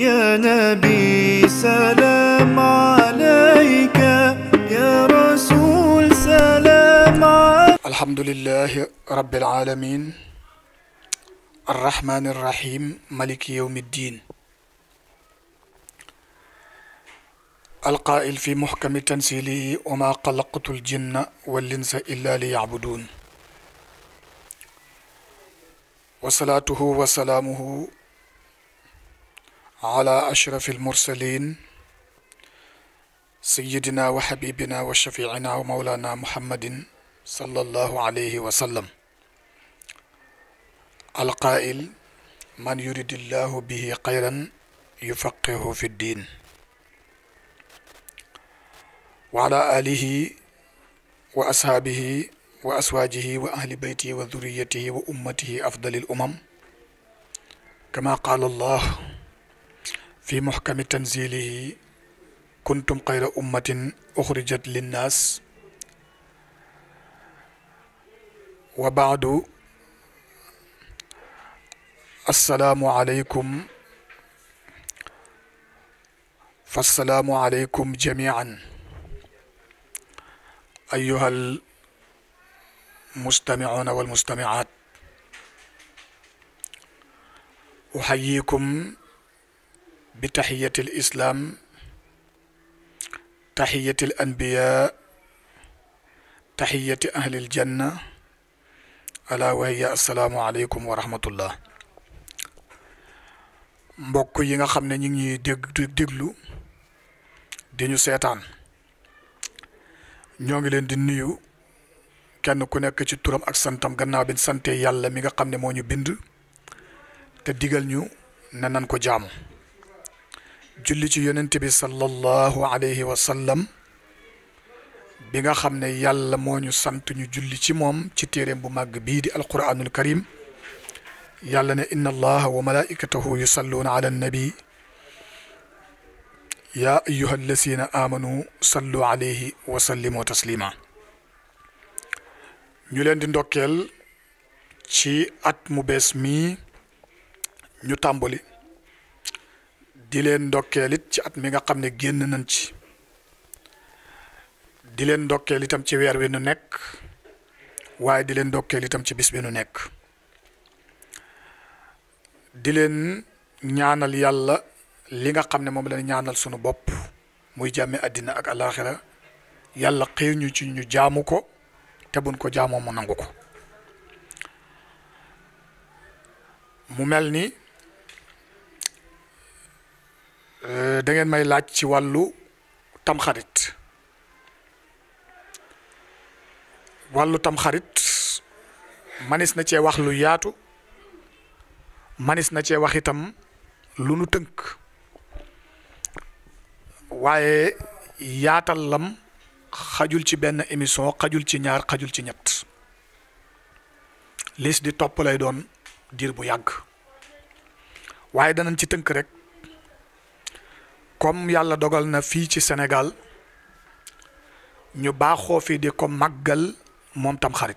يا نبي سلام عليك يا رسول سلام عليك الحمد لله رب العالمين الرحمن الرحيم ملك يوم الدين القائل في محكم تنسيله وما قلقت الجن والإنس إلا ليعبدون وصلاته وسلامه على أشرف المرسلين سيدنا وحبيبنا وشفيعنا ومولانا محمد صلى الله عليه وسلم القائل من يريد الله به خيرا يفقهه في الدين وعلى آله وأصحابه وأزواجه وأهل بيته وذريته وأمته أفضل الأمم كما قال الله في محكم تنزيله كنتم خير أمة أخرجت للناس وبعد السلام عليكم فالسلام عليكم جميعا أيها المستمعون والمستمعات أحييكم بتحية الإسلام تحية الأنبياء تحية أهل الجنة ألا وهي السلام عليكم ورحمة الله مبوك ييغا خامن ني ني ديغ ديغلو دي نيو سيتان نيوغي لين دي نيو كين كو نيك سي تورام اك سانتام غناو يالا ميغا خامن مو نيو بيند تا نيو نانان كو جامو جولي جي يوننتي صلى الله عليه وسلم بيغا خامن يالا مو ني سانت ني جولي سي موم سي تيرم بو ماغ بي دي القران الكريم يالا ن ان الله وملائكته يصلون على النبي يا ايها الذين امنوا صلوا عليه وسلموا تسليما ñu len di ndokkel ci at mu bes mi ñu di leen ndokkeel it ci at mi nga xam ne génn nañ ci di leen ndokkeel itam ci weer wi nu nekk waaye di leen ndokkeel itam ci bis bi nu nekk di leen ñaanal yàlla li nga xam ne moom leen ñaanal sunu bopp muy jàmme àddina ak alaaxira yàlla xëy ñu ci ñu jaamu ko te buñ ko jaamoo mu nangu ko mu mel ni Euh, da ngeen may laaj ci wàllu tamxarit wàllu tamxarit manis na cee wax lu yaatu manis na cee waxitam itam lu nu tënk waaye yaatal lam xajul ci benn émission xajul ci ñaar xajul ci ñett lis di topp lay doon diir bu yàgg waaye danañ ci tënk rek comme yàlla dogal na fii ci Sénégal ñu baaxoo fi di ko màggal moom tamxarit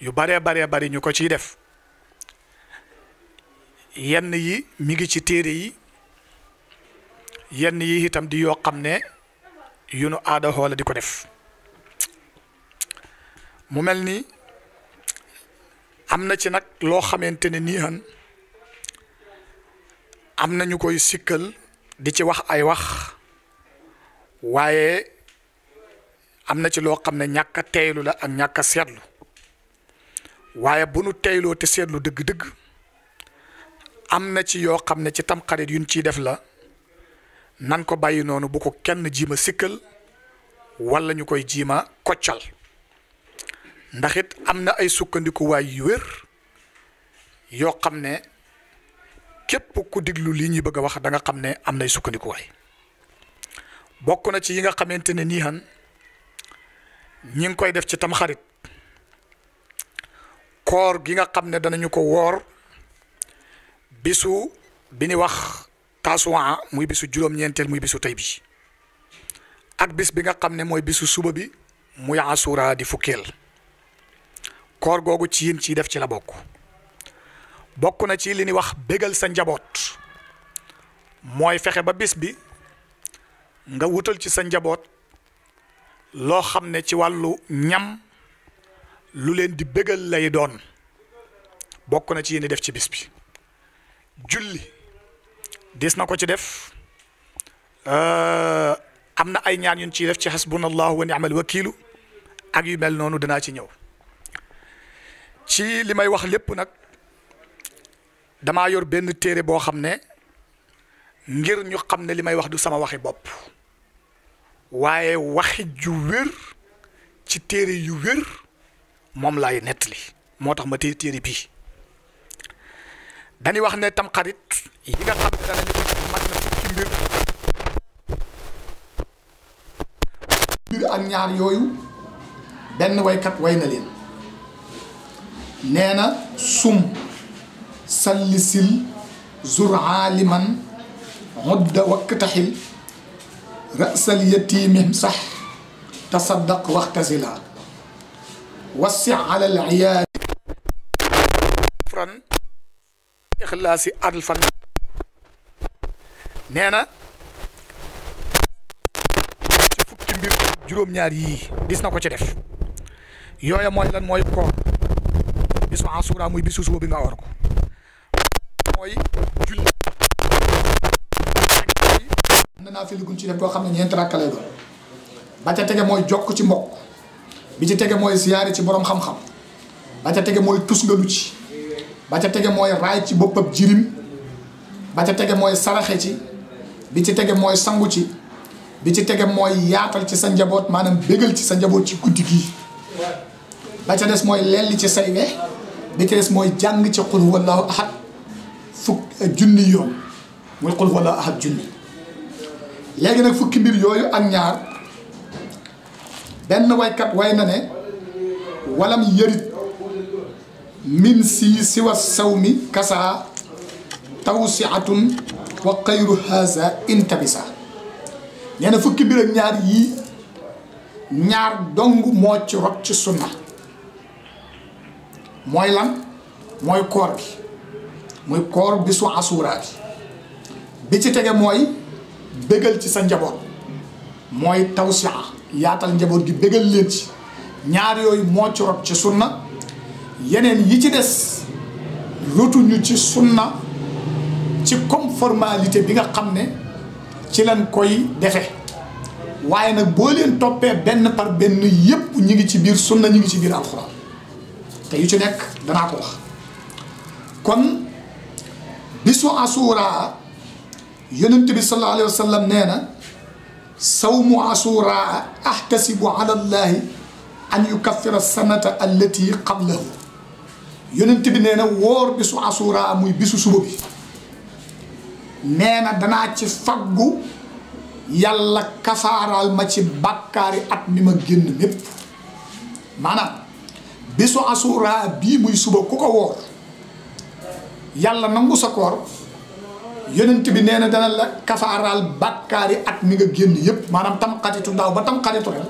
yu baree baree bari ñu ko ciy def yenn yi mi ngi ci téere yi yenn yi itam di yoo xam ne yu nu aada xoola di ko def mu mel ni am na ci nag loo xamante ne nii han am na ñu koy sikkal di ci wax ay wax waaye am na ci loo xam ne ñàkk teylu la ak ñàkk seetlu waaye bu nu teyloo te seetlu dëgg-dëgg am na ci yoo xam ne ci tamxarit yuñ ciy def la nan ko bàyyi noonu bu ko kenn jiima sikkal wala ñu koy jiima koccal ndaxit am na ay sukkandikuwaay yu wér yoo xam ne képp ku diglu lii ñuy bëgg a wax da nga xam ne am nay sukkandikuwaay bokk na ci yi nga xamante ne nii han ñi ngi koy def ci tamxarit koor gi nga xam ne danañu ko woor bisu bi ni wax tasuwaan muy bisu juróom-ñeenteel muy bisu tey bi ak bis bi nga xam ne mooy bisu suba bi muy asura di fukkeel koor googu ci yéen ciy def ci la bokk. bokk na ci li ñuy wax bégal sa njaboot mooy fexe ba bis bi nga wutal ci sa njaboot loo xam ne ci wàllu ñam lu leen di bégal lay doon bokk na ci yéen def ci bis bi julli diis na ko ci def euh, am na ay ñaan yun ciy def ci hasbunallahu wa ni'mal wakiilu ak yu mel noonu danaa ci ñëw ci li may wax lépp nag dama yor ben téré bo xamné ngir ñu xamné limay wax du sama waxi bop waye waxi ju wér ci téré yu wér mom lay netli motax ma téré téere bii dañuy wax ne tam xarit yi nga xam ne danañu mat na ci mbir mbir ak ñaar yoyu ben way kat way na leen nee sum سلسل زرع لمن عد وكتحل رأس اليتيم صح تصدق واختزلا وسع على العيال فرن إخلاصي أدل فن نينا شفوك تنبير جروم ناري ديسنا كو تدف يويا موي لن موي كو بسو عصورا موي بسو سوبي نغاوركو mooy julli am na naa xam ne ñeenti rakk lay tege mooy jokk ci mbokk bi ci tege mooy siyaare ci boroom xam-xam ba ca tege mooy tus nga lu ci ba ca tege mooy raay ci boppam jirim ba ca tege mooy saraxe ci bi ci tegee mooy sangu ci bi ci tegee mooy yaatal ci sa njaboot maanaam bégal ci sa njaboot ci guddi gii ba ca des mooy lelli ci say we bi ca des mooy jàng ci xul wallaahu ahad fukk junni yoon muy xul wala ahad junni léegi nag fukki mbir yooyu ak ñaar benn waykat way na ne walam yërit min si siwa saw mi kasaa tawsiatun wa xayru haza intabisa nee na fukki mbir ak ñaar yii ñaar dong moo ci rot ci sunna mooy lan mooy koor bi muy koor bisu asuura bi bi ci tege mooy bégal ci sa njaboot mooy tawsia yaatal njaboot gi bégal leen ci ñaar yooyu moo ci rob ci sunna yeneen yi ci des rotuñu ci sunna ci comme formalité bi nga xam ne ci lañ koy defe waaye nag boo leen toppee benn par benn yépp ñu ngi ci biir sunna ñu ngi ci biir alxuraan te yu ci nekk danaa ko wax kon bisu asuraa yonent bi sallallahu alayhi wa sallam nee na sawmu asuraa ahtasibu ala llahi an yukaffira sanata allati qablahu yonent bi nee na woor bisu asuraa muy bisu suba bi nee na danaa ci faggu yàlla kafaaraal ma ci bàkkaari at mi ma génn mépp maanaam bisu asuraa bii muy suba ku ko woor yàlla nangu sa koor yonent bi nee na dana la kafaaraal bàkkaari at mi nga génn yëpp maanaam tam xaritu daaw ba tam xaritu ren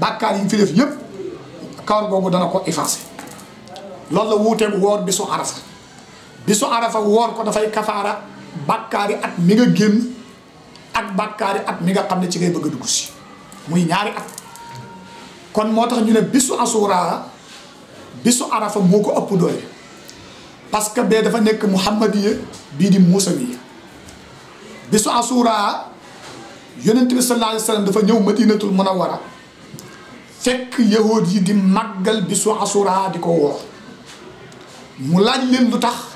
bàkkaar yi fi yëpp koor googu dana ko effacé loolu la wuuteeg woor bisu arafa bisu arafa woor ko dafay kafaara bàkkaari at mi nga génn ak bàkkaari at mi nga xam ne ci ngay bëgg a dugg si muy ñaari at kon moo tax ñu ne bisu asuura bisu arafa moo ko ëpp doole parce que bee dafa nekk muhammadiya bii di muusawiya bisu asuraa yonent bi sallallahu alayhi wa sallam dafa ñëw madinatul munawwara fekk yahood yi di màggal bisu asuraa di ko woor mu laaj leen lu tax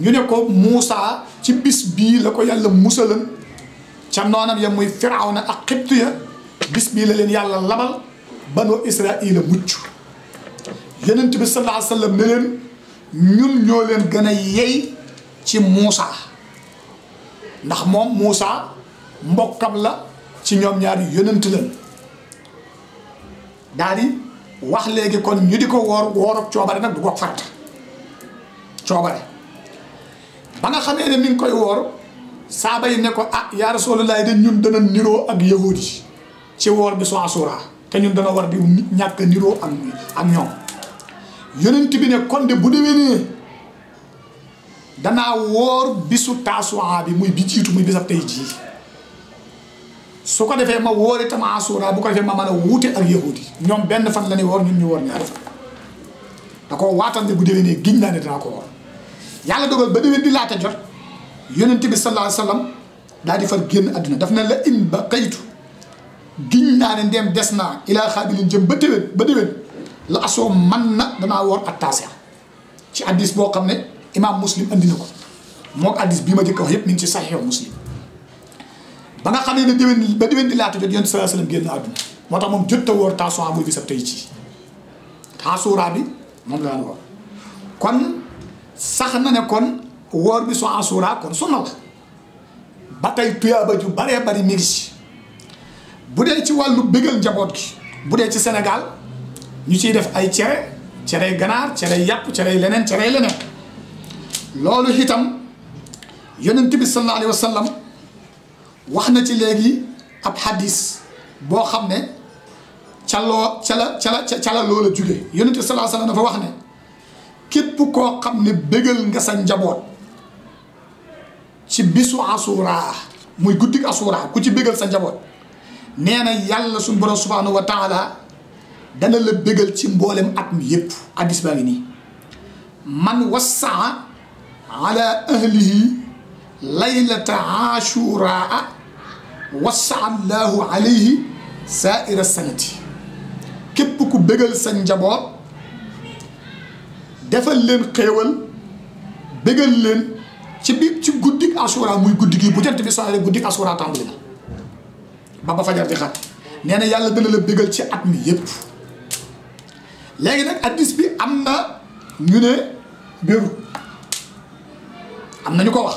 ñu ne ko Muusa ci bis bii la ko yàlla musalan ca noonam ya muy na ak xibtu ya bis bii la leen yàlla labal banoo Israa'iila mucc yonent bi sallallahu alayhi wa sallam ne leen ñun ñoo leen gën a yey ci Moussa ndax moom Moussa mbokkam la ci ñoom ñaar yonent lañ daal di wax léegi kon ñu di ko woor woorog coobare nag du ko fàtte coobare ba nga xamee ne mi ngi koy woor saaba yi ne ko ah yaa Rasulullaah de ñun dana niroo ak yahudi ci woor bi su asura te ñun dana war di ñàkk niroo ak ñoom yonent bi ne kon de bu déwénee danaa wóor bisu taasuwaa bi muy bi jiitu muy bisab tey jii su ko defee ma wóore tam asura bu ko defee ma mën a wuute ak yahudi yi ñoom benn fan la ne woor ñun ñu woor ñaari fan da ko waatal ne bu déwénee giñ naa ne danaa ko woor yàlla dogal ba déwén di laata jot yonent bi sallallahu alayhi wa sallam daal di far génn àdduna daf na la in ba kayitu giñ naa ne ndeem des naa ilaa xaabilin jëm ba déwén ba déwén la asoo man na danaa woor ak taasiya ci addis boo xam ne imaam muslim andi na ko moo addis bii ma jëkk wax yépp mi ngi ci saxiixu muslim ba nga xam ne ne déwén ba déwén di laata jot yonent sallallahu alayhi wasallam génn moo tax moom jot a woor taasuwaa muy bisab tey ci taasuuraa bi moom la daan woor kon sax na ne kon woor bi su asuuraa kon sunna la ba tey tuyaaba ju baree bari mi bu dee ci wàllu bégal njaboot gi bu dee ci Sénégal ñu ciy def ay cere cerey ganaar cerey yàpp cerey leneen cerey leneen loolu itam yonent bi sallallahu alayhi wa sallam wax na ci léegi ab hadis boo xam ne ca loo ca la ca la ca la loola jugee yonent bi sallallahu alayhi wa sallam wax ne képp koo xam ne bégal nga sa njaboot ci bisu asuraa muy guddik asuraa ku ci bégal sa njaboot nee na yàlla suñu borom subhanahu wa taala dana la bégal ci mboolem at mi yépp addis baa ngi nii man wassaa ala ahlihi laylata ashuraa wassaa allahu alayhi saaira sanati képp ku bégal sa njaboot defal leen xéewal bégal leen ci bi ci guddik asura muy guddi gi bu jant bi soxla guddik asura tàmbali na ba ba fajar di xat nee yàlla dana la bégal ci at mi yépp léegi nag addis bi am na ñu ne wérut am na ñu ko wax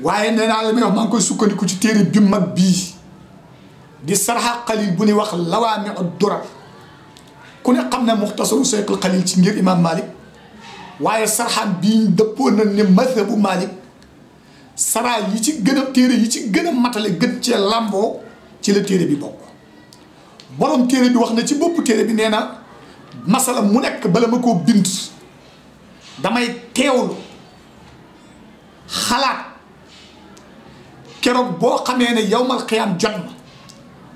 waaye nee naa la may wax maa ngi koy sukkandiku ci téere bi mag bii di sarxa xalil bu ñuy wax lawaami od dora ku ne xam ne muxtasaru sayqul xalil ci ngir imam malik waaye sarxaan bii dëppoo na ne mazhabu malik saraa yi ci gën téere yi ci gën matale gën cee làmboo ci la téere bi bokk borom téere bi wax na ci bopp téere bi nee na masala mu nekk bala ma koo bind damay teewlu xalaat keroog boo xamee ne yowmal qiyaam jot na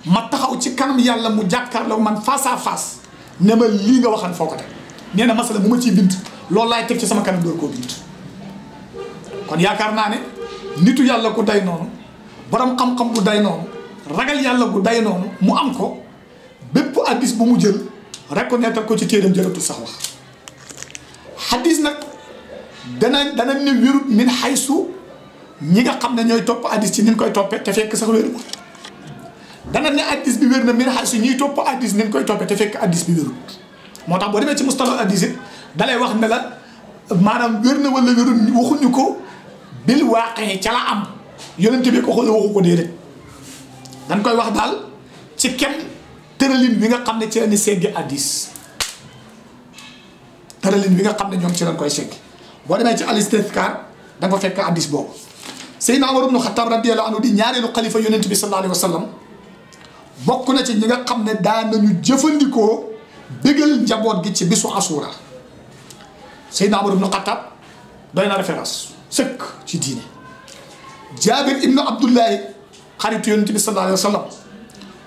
ma taxaw ci kanam yàlla mu jàkkaarloo man face à face ne ma lii nga waxan foo ko teg nee na masala mu ma ciy bind loolu laay teg ci sama kanam door koo bind kon yaakaar naa ne nitu yàlla ku day noonu boroom xam-xam bu day noonu ragal yàlla gu day noonu mu am ko bépp addis bu mu jël reconnaître ko ci téeram jërëtu sax wax xadis nag dana dana ni wérut min xaysu ñi nga xam ne ñooy topp addis ci ni koy toppee te fekk sax wérul dana ne addis bi wér na min xaysu ñuy topp addis ni ñu koy toppee te fekk addis bi wérul moo tax boo demee ci mustala addis it dalay wax ne la maanaam wér na wala wérul waxuñu ko bil waaqee ca la am yonente bi ko xool waxu ko déedéet dañ koy wax daal ci kem tëralin bi nga xam ne ci la ñu seggi hadis tëralin bi nga xam ne ñoom ci lañ koy seggi boo demee ci al-Istidhkar da nga fa fekk hadis boobu Seydina Umar ibn Khattab radiyallahu anhu di ñaareelu kalifa yonent bi sallallahu alayhi wa bokk na ci ñi nga xam ne daan jëfandikoo bégal njaboot gi ci bisu asuura Seydina Umar ibn Khattab doy na référence sëkk ci diine Jaabir ibnu Abdullahi xaritu yonent bi sallallahu alayhi wa sallam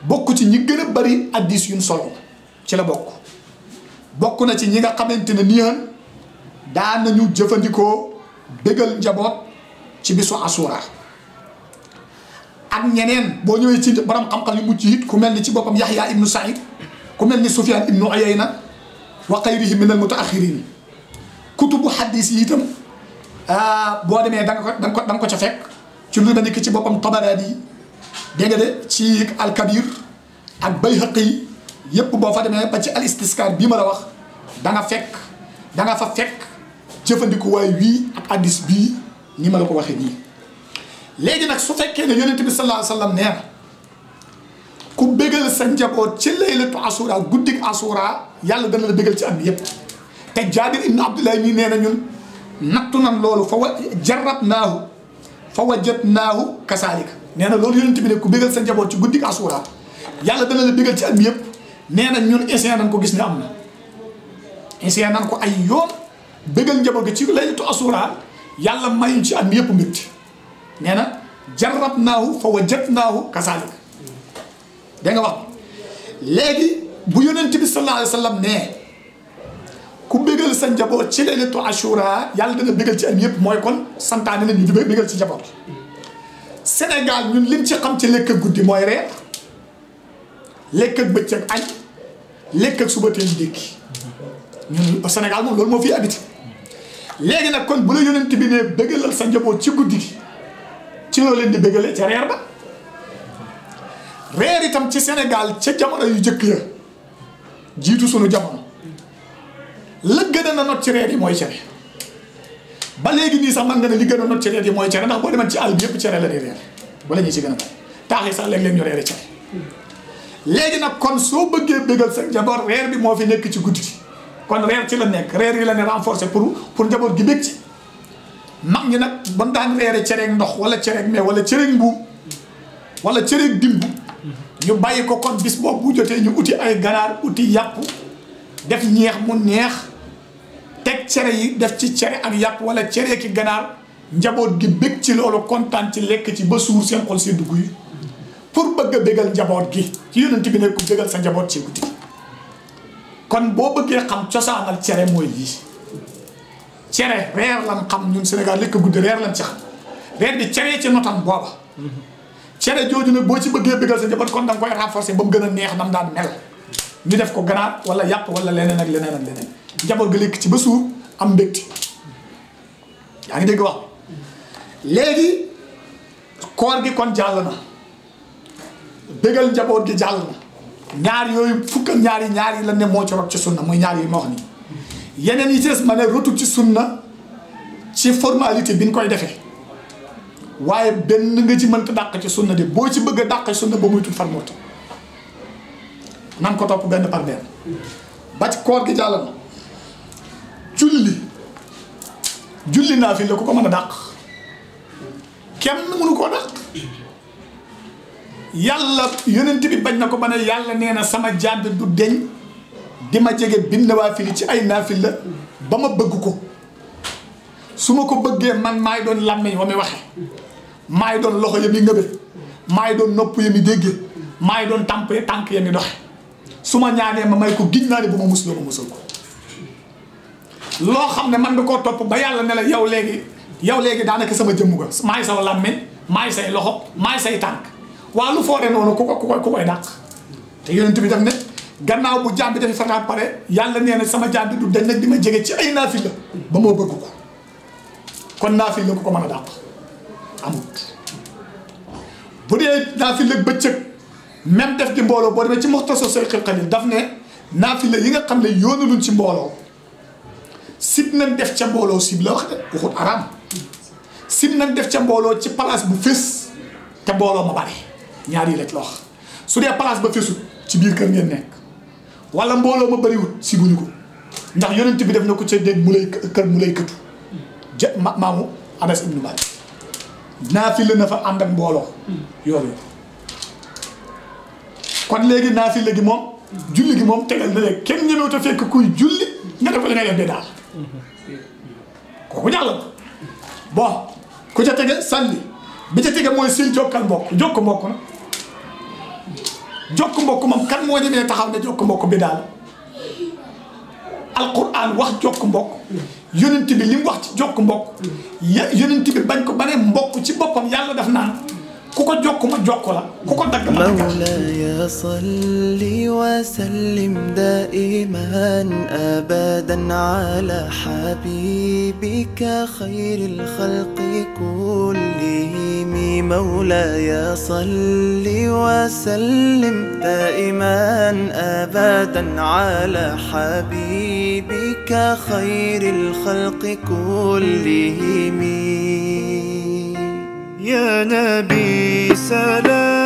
bokk ci ñi gën a bari addis yun solo ci la bokk bokk na ci ñi nga xamante ne nii daan nañu jëfandikoo bégal njaboot ci bisu asura ak ñeneen boo ñëwee ci borom xam yu mucc it ku mel ni ci boppam Yaxya ibnu Saïd ku mel ni Sufyaan ibnu Uyayna wa xayrihi min al mutaaxirin kutubu xaddis yi itam ah, boo demee da nga ko da ko ca fekk ci lu mel ni ci boppam Tabaraani dégg nga de ci alkabir ak yi yépp boo fa demee ba ci al bii ma la wax da fekk da fa fekk jëfandikuwaay wii ak hadis bii ni ma la ko waxee nii. léegi nag su fekkee na yonent bi sallallahu alayhi ku bégal sa njaboot ci laylatu asura guddik asura yàlla dana la bégal ci am yépp te jaabir ibnu abdullahi mii nee na ñun nattu nan loolu fa wa jarrab naahu fa wajat naahu kasaalika nee na loolu yonent bi ne ku bégal sa njaboot ci guddik asura yàlla dana la bégal ci at mi nee na ñun essayé nañ ko gis ne am na ko ay yoon bégal njaboot gi ci laylatu asura yàlla mayuñ ci at mi yëpp mbégte nee na jarab naahu fa wajat naahu kasaalik da nga wax léegi bu yonent bi sallallahu alayhi wa sallam ne ku bégal sa njaboot ci laylatu asura yàlla dana ci at yëpp mooy kon santaane na ñu di bégal ci njaboot Sénégal ñun lim ci xam ci lekk ak guddi mooy reer lekk ak bëccëg añ lekk ak suba teel ndékki ñun Sénégal moom loolu moo fi habité léegi nag kon bu la yonent bi ne bëggalal sa njaboot ci guddi gi ci loo leen di bëggale ca reer ba reer itam ci Sénégal ca jamono yu jëkk ya jiitu sunu jamono la gën na not ci reer yi mooy cere ba léegi nii sax man nga ne li gën a not ci reer yi mooy cere ndax boo demat ci àll bi yëpp cere la di reer wala ñu ci gën a taax yi sax léeg-léeg ñu reere nag kon soo bëggee bëggal sa njaboot reer bi moo fi nekk ci guddi kon reer ci la nekk reer yi la ne renforcer pour pour njaboot gi bég ci mag ñi nag ban daan reere cereeg ndox wala cereeg mais wala cereeg mbuum wala cereeg dimbu ñu bàyyi ko kon bis boobu bu jotee ñu uti ay ganaar uti yàpp def ñeex mu neex teg cere yi def ci cere ak yàpp wala cere ki ganaar njaboot gi bég ci loolu kontaan ci lekk ci ba suur seen xol seen dugg yi pour bëgg a bégal njaboot gi ci yonent bi ne ko bégal sa njaboot ci guddi kon boo bëggee xam cosaanal cere mooy lii cere reer lan xam ñun Sénégal lekk guddi reer lan ci xam reer di cere ci notam booba cere jooju ne boo ci bëggee bégal sa njaboot kon danga koy renforcer ba mu gën a neex nam daan mel ñu def ko ganaar wala yàpp wala leneen ak leneen ak leneen njaboot ga lekk ci ba suur am mbégte yaa ngi dégg wax léegi koor gi kon jàll na bégal njaboot gi jàll na ñaar yooyu fukk ak ñaar yi ñaar yi la ne moo ci rot ci sunna muy ñaar yi ma wax nii yeneen yi ci des ma ne rotul ci sunna ci formalité bi ñu koy defee waaye benn nga ci mënta dàq ci sunna de boo ci bëgg dàq ci sunna ba muy tudd farmoota nan ko topp benn par benn ba ci koor gi jàll na julli julli naa fi la ku ko man a dàq kenn mënu koo dàq yàlla yonent bi bañ na ko ba ne yàlla nee na sama jàdd du deñ di ma jege bind waa fili ci ay naafil la ba ma bëgg ko su ma ko bëggee man maay doon làmmiñ wa mi waxe maay doon loxo ya mi ngëbe maay doon nopp ya mi déggee maay doon tàmp tànk ya mi doxe su ma ñaanee ma may ko giñ naa ne bu ma mus la ko musal ko lo xamne man duko top ba yalla ne la yow legi yow legi danaka sama jëm ga may sa lamme may say loxo may say tank wa lu foore nonu ku ko ku koy ku te yoonent bi def ne gannaaw bu jambi def fa fataat pare yalla neena sama jambi du dañ nak dima ma jege ci ay nafila ba mo bëgg ko kon nafila ko ko mën dak amut bu dee nafila la même def di mbolo bo demee ci muxtasar Sayyidul Xalil daf ne nafila yi nga xam yoonu yóonaluñ ci mbolo sib nañ def ca mbooloo sib la wax de waxut araam sib nañ def ca mbooloo ci place bu fés te mbooloo ma bari ñaar yi rek la wax su dee place ba fésut ci biir kër ngeen nekk wala mbooloo ma bëriwut sibuñu ko ndax yonent bi def na ko ca dégg mu lay kër mu lay këtu ja maamu Anas ibnu Malik naafila na fa ànd mbooloo yooyu kon léegi naafila gi moom julli gi moom tegal na leen kenn ñëwut a fekk kuy julli nga def ko li ngay def daal kooku ñax la bon ku ca tege sànni bu ca tege mooy seen jokkal mbokk jokk mbokk na jokk mbokk moom kan moo ñemee taxaw ne jokk mbokk bi daal alquran wax jokk mbokk yonent bi li mu wax ci jokk mbokk yonent bi bañ ko ba ne mbokk ci boppam yàlla daf naan كوكو جوكو ما جوكو لا كوكو دك مولاي صل وسلم دائما ابدا على حبيبك خير الخلق كلهم مولاي صل وسلم دائما ابدا على حبيبك خير الخلق كلهم يا نبي سلام